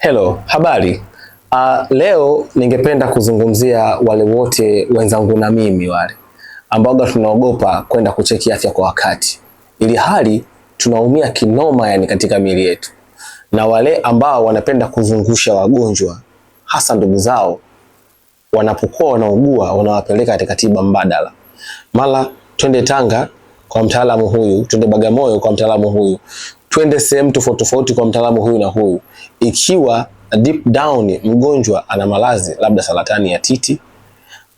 Hello, habari. Uh, leo ningependa kuzungumzia wale wote wenzangu na mimi wale ambao tunaogopa kwenda kucheki afya kwa wakati, ili hali tunaumia kinoma, yani katika miili yetu, na wale ambao wanapenda kuzungusha wagonjwa, hasa ndugu zao wanapokuwa wanaugua, wanawapeleka katika tiba mbadala, mara twende Tanga kwa mtaalamu huyu, twende Bagamoyo kwa mtaalamu huyu, twende sehemu tofauti tofauti kwa mtaalamu huyu na huyu, ikiwa deep down mgonjwa ana maradhi labda saratani ya titi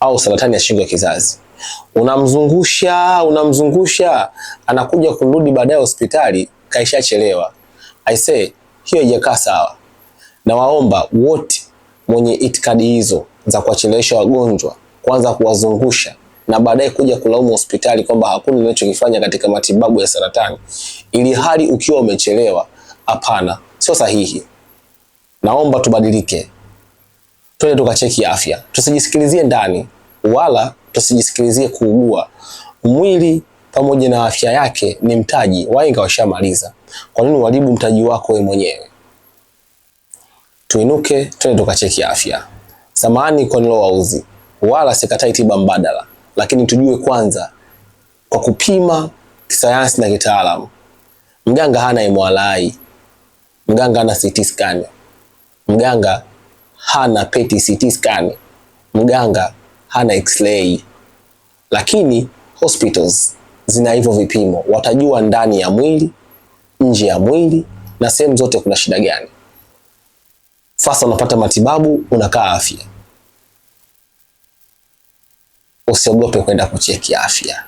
au saratani ya shingo ya kizazi. Unamzungusha unamzungusha, anakuja kurudi baadaye hospitali, kaishachelewa. I say hiyo haijakaa sawa, na waomba wote mwenye itikadi hizo za kuwachelewesha wagonjwa, kwanza kuwazungusha na baadaye kuja kulaumu hospitali kwamba hakuna ninachokifanya katika matibabu ya saratani, ili hali ukiwa umechelewa. Hapana, sio sahihi. Naomba tubadilike, twende tukacheki afya, tusijisikilizie ndani wala tusijisikilizie kuugua. Mwili pamoja na afya yake ni mtaji, wahenga washamaliza. Kwa nini uharibu mtaji wako wewe mwenyewe? Tuinuke, twende tukacheki afya. Samahani kwa nilowauzi, wala sikatai tiba mbadala lakini tujue kwanza kwa kupima kisayansi na kitaalamu, mganga hana MRI, mganga hana CT scan, mganga hana PET CT scan, mganga hana x-ray, lakini hospitals zina hivyo vipimo. Watajua ndani ya mwili, nje ya mwili na sehemu zote kuna shida gani. Sasa unapata matibabu, unakaa afya usiogope kwenda kucheki afya.